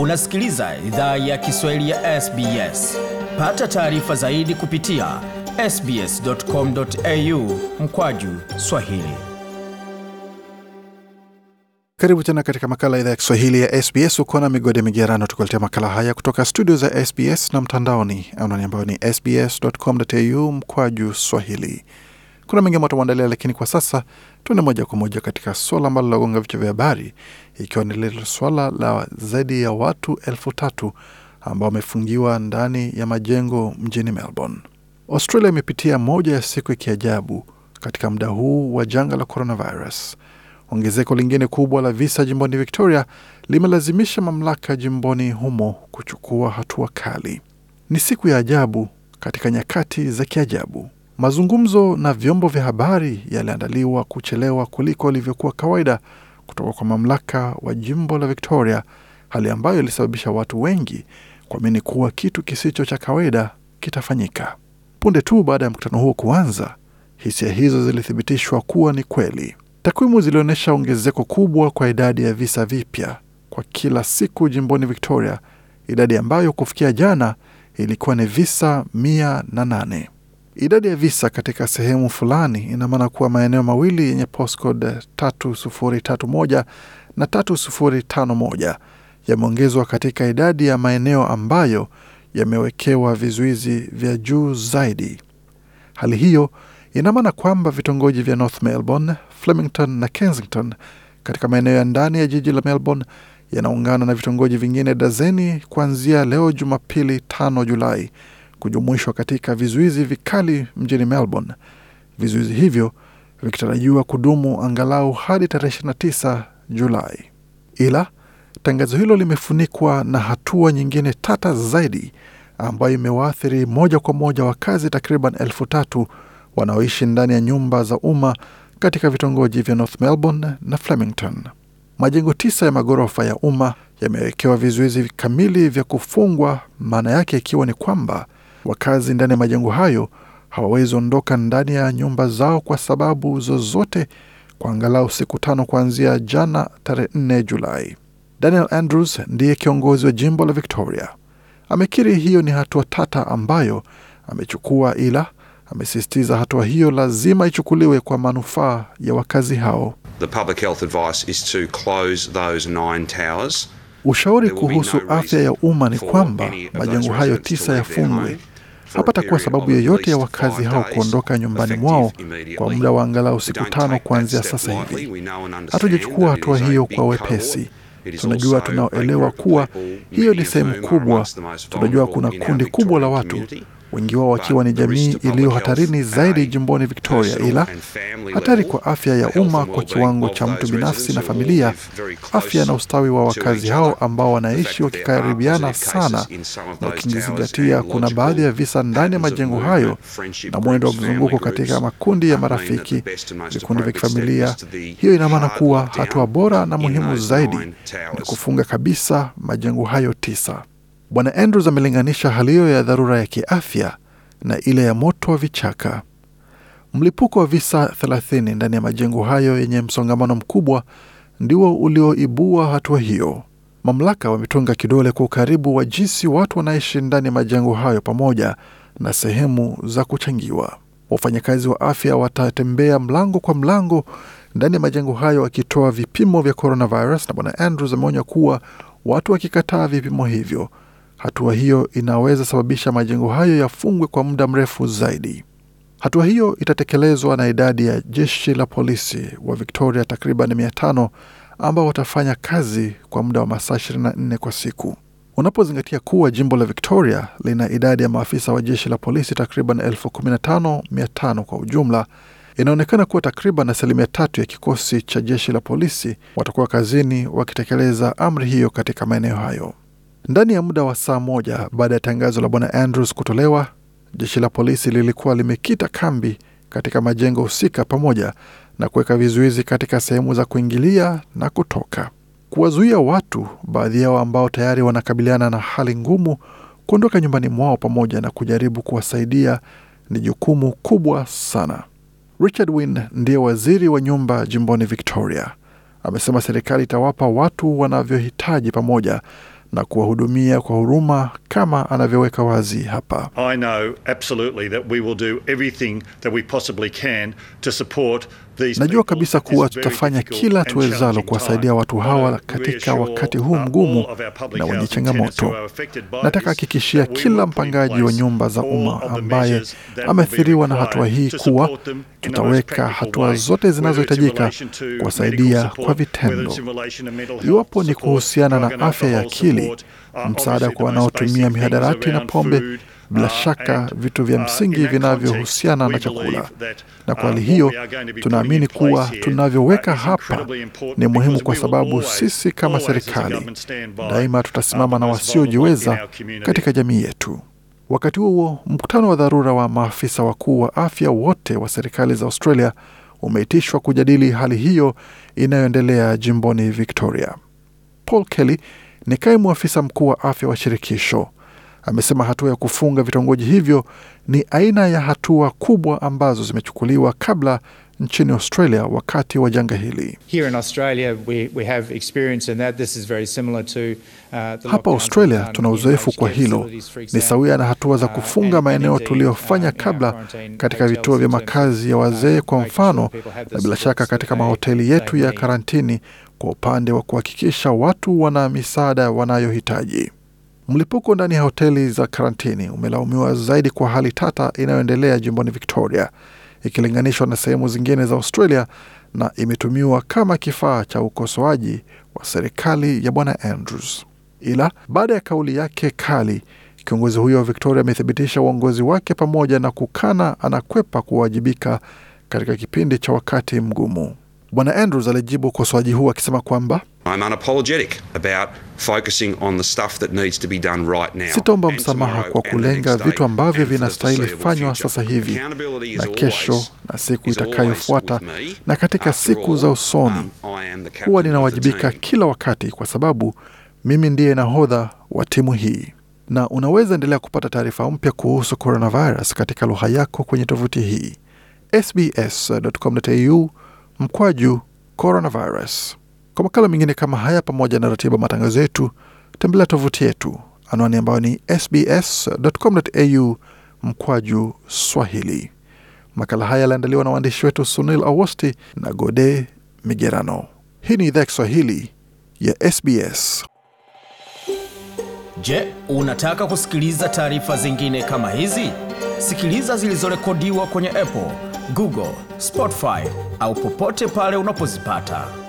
Unasikiliza idhaa ya Kiswahili ya SBS. Pata taarifa zaidi kupitia sbs.com.au mkwaju swahili. Karibu tena katika makala idhaa ya Kiswahili ya SBS. ukona migode migerano, tukuletea makala haya kutoka studio za SBS na mtandaoni, anani ambayo ni sbs.com.au mkwaju swahili. Kuna mengi ambayo tumeandalia, lakini kwa sasa tuende moja kwa moja katika swala ambalo linagonga vichwa vya habari, ikiwa ni lile swala la zaidi ya watu elfu tatu ambao wamefungiwa ndani ya majengo mjini Melbourne. Australia imepitia moja ya siku ya kiajabu katika muda huu wa janga la coronavirus. Ongezeko lingine kubwa la visa jimboni Victoria limelazimisha mamlaka jimboni humo kuchukua hatua kali. Ni siku ya ajabu katika nyakati za kiajabu. Mazungumzo na vyombo vya habari yaliandaliwa kuchelewa kuliko ilivyokuwa kawaida kutoka kwa mamlaka wa jimbo la Victoria, hali ambayo ilisababisha watu wengi kuamini kuwa kitu kisicho cha kawaida kitafanyika. Punde tu baada ya mkutano huo kuanza, hisia hizo zilithibitishwa kuwa ni kweli. Takwimu zilionyesha ongezeko kubwa kwa idadi ya visa vipya kwa kila siku jimboni Victoria, idadi ambayo kufikia jana ilikuwa ni visa mia na nane. Idadi ya visa katika sehemu fulani ina maana kuwa maeneo mawili yenye postcode 3031 na 3051 yameongezwa katika idadi ya maeneo ambayo yamewekewa vizuizi vya juu zaidi. Hali hiyo ina maana kwamba vitongoji vya North Melbourne, Flemington na Kensington katika maeneo ya ndani ya jiji la Melbourne yanaungana na vitongoji vingine dazeni kuanzia leo Jumapili 5 Julai kujumuishwa katika vizuizi vikali mjini Melbourne, vizuizi hivyo vikitarajiwa kudumu angalau hadi tarehe 29 Julai. Ila tangazo hilo limefunikwa na hatua nyingine tata zaidi ambayo imewaathiri moja kwa moja wakazi takriban elfu tatu wanaoishi ndani ya nyumba za umma katika vitongoji vya North Melbourne na Flemington. Majengo tisa ya maghorofa ya umma yamewekewa vizuizi kamili vya kufungwa, maana yake ikiwa ni kwamba Wakazi ndani ya majengo hayo hawawezi ondoka ndani ya nyumba zao kwa sababu zozote kwa angalau siku tano kuanzia jana tarehe 4 Julai. Daniel Andrews ndiye kiongozi wa jimbo la Victoria. Amekiri hiyo ni hatua tata ambayo amechukua, ila amesisitiza hatua hiyo lazima ichukuliwe kwa manufaa ya wakazi hao. The public health advice is to close those nine towers. Ushauri kuhusu afya ya umma ni kwamba majengo hayo tisa yafungwe hapatakuwa sababu yoyote ya wakazi hao kuondoka nyumbani mwao kwa muda wa angalau siku tano kuanzia sasa hivi. Hatujachukua hatua hiyo kwa wepesi. Tunajua, tunaoelewa kuwa hiyo ni sehemu kubwa. Tunajua kuna kundi kubwa la watu wengi wao wakiwa ni jamii iliyo hatarini zaidi jimboni Victoria, ila hatari kwa afya ya umma kwa kiwango cha mtu binafsi na familia, afya na ustawi wa wakazi hao ambao wanaishi wakikaribiana sana, na ukizingatia kuna baadhi ya visa ndani ya majengo hayo na mwendo wa mzunguko katika makundi ya marafiki, vikundi vya kifamilia. Hiyo ina maana kuwa hatua bora na muhimu zaidi ni kufunga kabisa majengo hayo tisa. Bwana Andrews amelinganisha hali hiyo ya dharura ya kiafya na ile ya moto wa vichaka. Mlipuko wa visa 30 ndani ya majengo hayo yenye msongamano mkubwa ndio ulioibua hatua hiyo. Mamlaka wametunga kidole kwa ukaribu wa jinsi watu wanaishi ndani ya majengo hayo pamoja na sehemu za kuchangiwa. Wafanyakazi wa afya watatembea mlango kwa mlango ndani ya majengo hayo wakitoa vipimo vya coronavirus, na bwana Andrews ameonya kuwa watu wakikataa vipimo hivyo Hatua hiyo inaweza sababisha majengo hayo yafungwe kwa muda mrefu zaidi. Hatua hiyo itatekelezwa na idadi ya jeshi la polisi wa Victoria takriban mia tano ambao watafanya kazi kwa muda wa masaa 24 kwa siku. Unapozingatia kuwa jimbo la Victoria lina idadi ya maafisa wa jeshi la polisi takriban elfu kumi na tano mia tano kwa ujumla, inaonekana kuwa takriban asilimia tatu ya kikosi cha jeshi la polisi watakuwa kazini wakitekeleza amri hiyo katika maeneo hayo. Ndani ya muda wa saa moja baada ya tangazo la bwana Andrews kutolewa, jeshi la polisi lilikuwa limekita kambi katika majengo husika pamoja na kuweka vizuizi katika sehemu za kuingilia na kutoka, kuwazuia watu, baadhi yao ambao tayari wanakabiliana na hali ngumu, kuondoka nyumbani mwao pamoja na kujaribu kuwasaidia ni jukumu kubwa sana. Richard Win ndiye waziri wa nyumba jimboni Victoria, amesema serikali itawapa watu wanavyohitaji pamoja na kuwahudumia kwa huruma kama anavyoweka wazi hapa. I know absolutely that we will do everything that we possibly can to support Najua kabisa kuwa tutafanya kila tuwezalo kuwasaidia watu hawa katika wakati huu mgumu na wenye changamoto. Nataka hakikishia kila mpangaji wa nyumba za umma ambaye ameathiriwa na hatua hii kuwa tutaweka hatua zote zinazohitajika kuwasaidia kwa vitendo, iwapo ni kuhusiana na afya ya akili, msaada kwa wanaotumia mihadarati na pombe bila uh, shaka vitu vya uh, msingi vinavyohusiana na chakula, na kwa uh, hali hiyo tunaamini kuwa tunavyoweka hapa ni muhimu, kwa sababu sisi kama serikali daima tutasimama na wasiojiweza katika jamii yetu. Wakati huo mkutano wa dharura wa maafisa wakuu wa afya wote wa serikali za Australia umeitishwa kujadili hali hiyo inayoendelea jimboni Victoria. Paul Kelly ni kaimu afisa mkuu wa afya wa shirikisho amesema hatua ya kufunga vitongoji hivyo ni aina ya hatua kubwa ambazo zimechukuliwa kabla nchini Australia wakati wa janga hili. Uh, Hapa Australia um, tuna uzoefu kwa hilo, ni sawia na hatua za uh, kufunga maeneo tuliyofanya uh, kabla katika vituo vya makazi ya wazee kwa mfano, na bila shaka katika mahoteli yetu ya karantini, kwa upande wa kuhakikisha watu wana misaada wanayohitaji. Mlipuko ndani ya hoteli za karantini umelaumiwa zaidi kwa hali tata inayoendelea jimboni Victoria ikilinganishwa na sehemu zingine za Australia na imetumiwa kama kifaa cha ukosoaji wa serikali ya Bwana Andrews. Ila baada ya kauli yake kali, kiongozi huyo wa Victoria amethibitisha uongozi wake pamoja na kukana anakwepa kuwajibika katika kipindi cha wakati mgumu. Bwana Andrews alijibu ukosoaji huu akisema kwamba Sitaomba msamaha kwa kulenga vitu ambavyo vinastahili fanywa sasa hivi na kesho na siku itakayofuata na katika siku za usoni. Um, huwa ninawajibika kila wakati kwa sababu mimi ndiye nahodha wa timu hii. Na unaweza endelea kupata taarifa mpya kuhusu coronavirus katika lugha yako kwenye tovuti hii sbs.com.au mkwaju coronavirus. Kwa makala mengine kama haya pamoja na ratiba matangazo yetu, tembelea tovuti yetu anwani ambayo ni sbs.com.au mkwaju Swahili. Makala haya yaliandaliwa na waandishi wetu Sunil Awosti na Gode Migerano. Hii ni idhaa ya Kiswahili ya SBS. Je, unataka kusikiliza taarifa zingine kama hizi? Sikiliza zilizorekodiwa kwenye Apple, Google, Spotify au popote pale unapozipata.